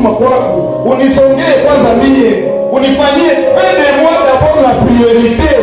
huduma kwako, unisongee kwanza mie, unifanyie fede moja bona priorite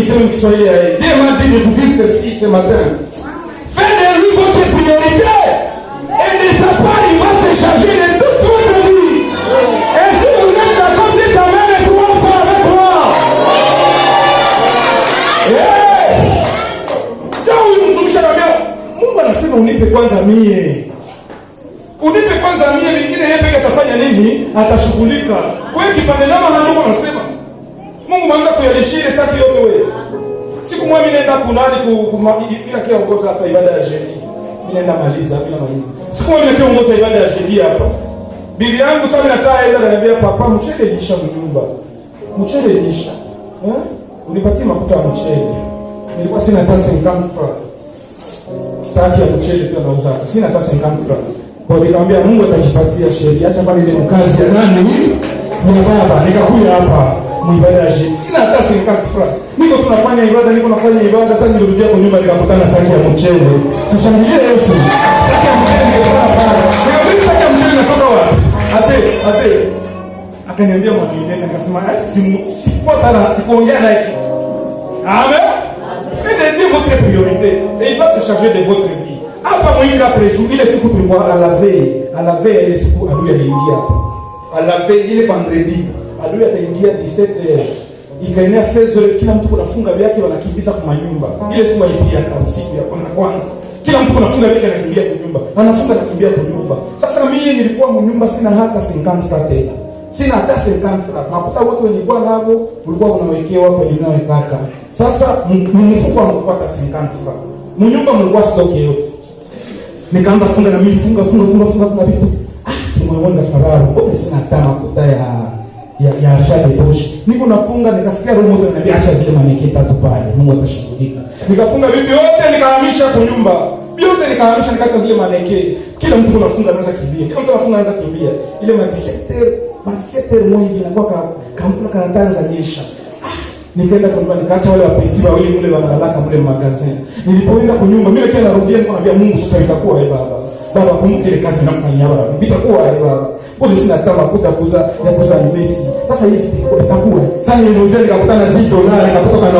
niseme Kiswahili ya yeye. Dieu m'a ce matin. Faites de lui votre priorité. Et de sa part, il va se charger de toute votre vie. Et si vous êtes d'accord, dites Amen et tout le monde soit avec moi. Ndio huyu mtumishi anambia, Mungu anasema unipe kwanza mie. Unipe kwanza mie, mingine yeye peke atafanya nini? Atashughulika. Wewe kipande nishire saki yote wewe. Siku moja mimi naenda kunani bila kiongoza hapa ibada ya jeni. Mimi naenda maliza, mimi na maliza. Siku moja ndio kiongoza ibada ya jeni hapa. Bibi yangu sasa nakaa aenda ananiambia papa mchele nisha mnyumba. Mchele nisha. Eh? Unipatie makuta ya mchele. Nilikuwa sina hata senkamfa. Saki ya mchele pia nauza. Sina hata senkamfa. Kwa hiyo nikamwambia Mungu atajipatia sheria acha pale ile mkazi ya nani? Ni baba nikakuja hapa muibada ya shii. Sina hata sirika kufra. Niko tunafanya ibada, niko nafanya ibada. Sasa nilirudia kwa nyumba nikakutana na saki ya mchele. Tushangilie Yesu. Saki ya mchele ndio hapa. Nikauliza saki ya mchele natoka wapi? Ase, ase. Akaniambia mwalimu, nikasema eh, sikuwa tena sikuongea naye. Amen. Faites votre priorité et il va se charger de votre vie. Hapa mwinga preshu ile siku tulikuwa à la veille, à la veille ile siku adui aliingia. À la veille ile vendredi adui ataingia 17 ikaenea sezo, kila mtu kunafunga vyake, wanakimbiza kwa manyumba. Ile siku walipia na usiku ya kwanza kwanza, kila mtu kunafunga vyake, anakimbia kwa nyumba, anafunga anakimbia kwa nyumba. Sasa mimi nilikuwa mu nyumba, sina hata senkansa tena, sina hata senkansa. Makuta wote walikuwa navo, ulikuwa unawekewa kwa jina la kaka. Sasa mfuko wangu hata senkansa, mu nyumba mlikuwa stock yote. Nikaanza funga na mimi funga funga funga funga vitu ah, tumeona sababu, mbona sina hata makuta ya ya, ya Asha Deboshi. Niko nafunga nikasikia roho moja ananiambia acha zile maneki tatu pale. Mungu atashughulika. Nikafunga vipi yote nikahamisha kwa nyumba. Yote nikahamisha nikaacha zile maneki Kila mtu anafunga anaweza kimbia. Kila mtu anafunga anaweza kimbia. Ile mabisete mabisete ma 17 moja inakuwa ka kamfuna kana tano za nyesha ah, Nikaenda kwa nyumba nikaacha wale wapenzi wa wale mle wanalaka mle magazini. Nilipoenda kwa nyumba mimi nikaenda rudia niko Mungu sasa itakuwa hivi baba. Baba kumkile kazi namfanyia baba. Itakuwa hivi baba kumbe sina kama kuta kuza ya kuza Sasa hivi sasa, nikakutana Tito naye, nikatoka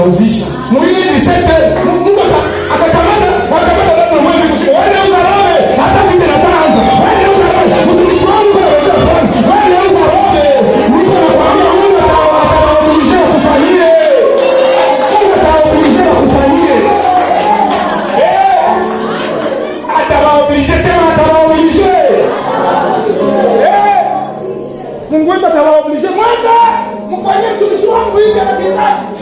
na waoblize, mwende mfanyie mtumishi wangu hivi anakihitaji